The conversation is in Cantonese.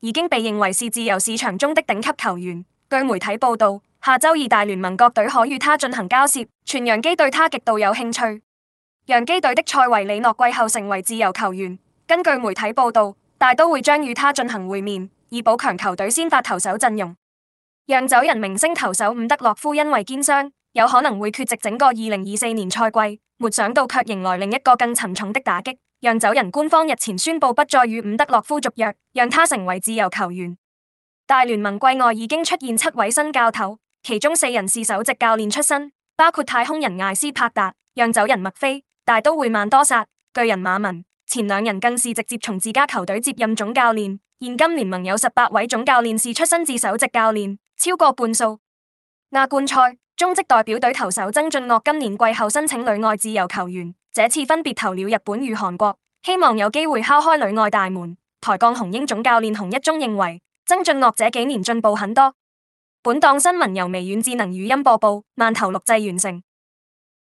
已經被認為是自由市場中的頂級球員。據媒體報道，下周二大聯盟各隊可與他進行交涉，全揚基對他極度有興趣。揚基隊的賽維里諾季後成為自由球員，根據媒體報道，大都會將與他進行會面，以補強球隊先發投手陣容。釀酒人明星投手伍德洛夫因為肩傷有可能會缺席整個二零二四年賽季，沒想到卻迎來另一個更沉重的打擊。釀酒人官方日前宣布不再與伍德洛夫續約，讓他成為自由球員。大聯盟季外已經出現七位新教頭，其中四人是首席教練出身，包括太空人艾斯帕達、釀酒人墨菲、大都會曼多薩、巨人馬文。前兩人更是直接從自家球隊接任總教練。現今聯盟有十八位總教練是出身自首席教練。超過半數亞冠賽中職代表隊投手曾俊樂今年季後申請旅外自由球員，這次分別投了日本與韓國，希望有機會敲開旅外大門。台鋼雄鷹總教練洪一中認為，曾俊樂這幾年進步很多。本檔新聞由微軟智能語音播報，慢投錄製完成。